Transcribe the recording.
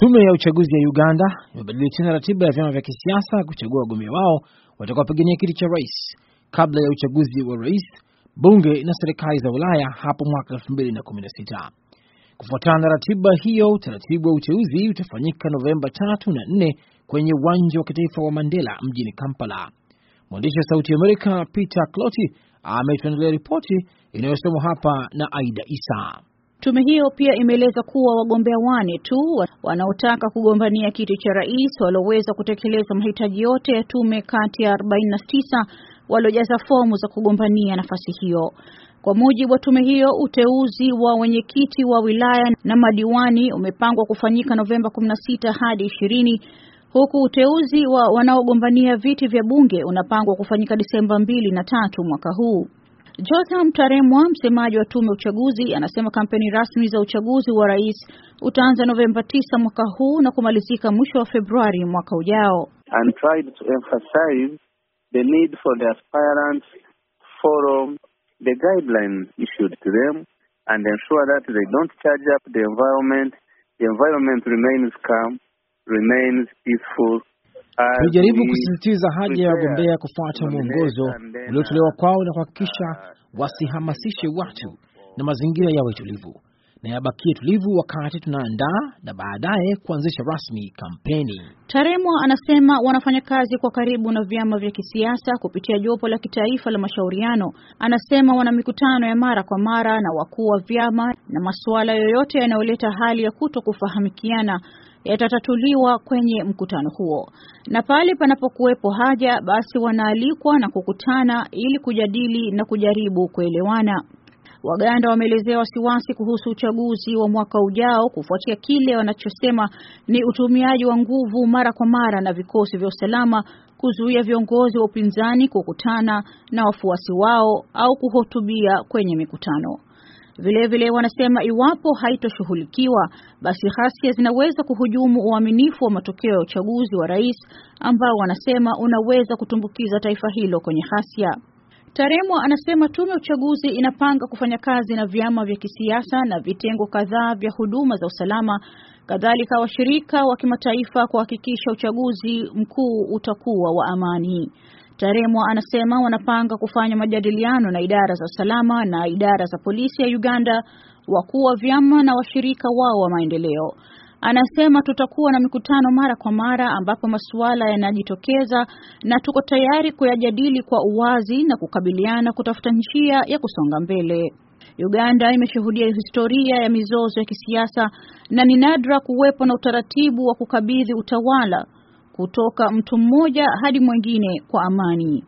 Tume ya uchaguzi ya Uganda imebadili tena ratiba ya vyama vya kisiasa kuchagua wagombea wao watakaopigania kiti cha rais kabla ya uchaguzi wa rais, bunge na serikali za Ulaya hapo mwaka 2016. Kufuatana na ratiba hiyo, utaratibu wa uteuzi utafanyika Novemba tatu na 4 kwenye uwanja wa kitaifa wa Mandela mjini Kampala. Mwandishi wa Sauti ya Amerika Peter Cloti ametuandalia ripoti inayosomwa hapa na Aida Isa. Tume hiyo pia imeeleza kuwa wagombea wane tu wanaotaka kugombania kiti cha rais walioweza kutekeleza mahitaji yote ya tume kati ya 49 waliojaza fomu za kugombania nafasi hiyo. Kwa mujibu wa tume hiyo, uteuzi wa wenyekiti wa wilaya na madiwani umepangwa kufanyika Novemba 16 hadi 20 huku uteuzi wa wanaogombania viti vya bunge unapangwa kufanyika Disemba mbili na tatu mwaka huu. Jotham Taremwa, msemaji wa tume ya uchaguzi, anasema kampeni rasmi za uchaguzi wa rais utaanza Novemba 9 mwaka huu na kumalizika mwisho wa Februari mwaka ujao. And tried to emphasize the need for the aspirants forum the guidelines issued to them and ensure that they don't charge up the environment the environment remains calm remains peaceful. Tulijaribu kusisitiza haja ya wagombea kufuata mwongozo uliotolewa kwao na kuhakikisha ah, wasihamasishe watu na mazingira yawe tulivu na yabakie tulivu wakati tunaandaa na baadaye kuanzisha rasmi kampeni. Taremwa anasema wanafanya kazi kwa karibu na vyama vya kisiasa kupitia jopo la kitaifa la mashauriano. Anasema wana mikutano ya mara kwa mara na wakuu wa vyama, na masuala yoyote yanayoleta hali ya kuto kufahamikiana yatatatuliwa kwenye mkutano huo, na pale panapokuwepo haja basi wanaalikwa na kukutana ili kujadili na kujaribu kuelewana. Waganda wameelezea wasiwasi kuhusu uchaguzi wa mwaka ujao kufuatia kile wanachosema ni utumiaji wa nguvu mara kwa mara na vikosi vya usalama kuzuia viongozi wa upinzani kukutana na wafuasi wao au kuhutubia kwenye mikutano. Vilevile vile wanasema iwapo haitoshughulikiwa basi ghasia zinaweza kuhujumu uaminifu wa matokeo ya uchaguzi wa rais ambao wanasema unaweza kutumbukiza taifa hilo kwenye ghasia. Taremwa anasema tume ya uchaguzi inapanga kufanya kazi na vyama vya kisiasa na vitengo kadhaa vya huduma za usalama, kadhalika washirika wa kimataifa kuhakikisha uchaguzi mkuu utakuwa wa amani. Taremwa anasema wanapanga kufanya majadiliano na idara za usalama na idara za polisi ya Uganda, wakuu wa vyama na washirika wao wa maendeleo Anasema tutakuwa na mikutano mara kwa mara ambapo masuala yanajitokeza na tuko tayari kuyajadili kwa uwazi na kukabiliana kutafuta njia ya kusonga mbele. Uganda imeshuhudia historia ya mizozo ya kisiasa na ni nadra kuwepo na utaratibu wa kukabidhi utawala kutoka mtu mmoja hadi mwingine kwa amani.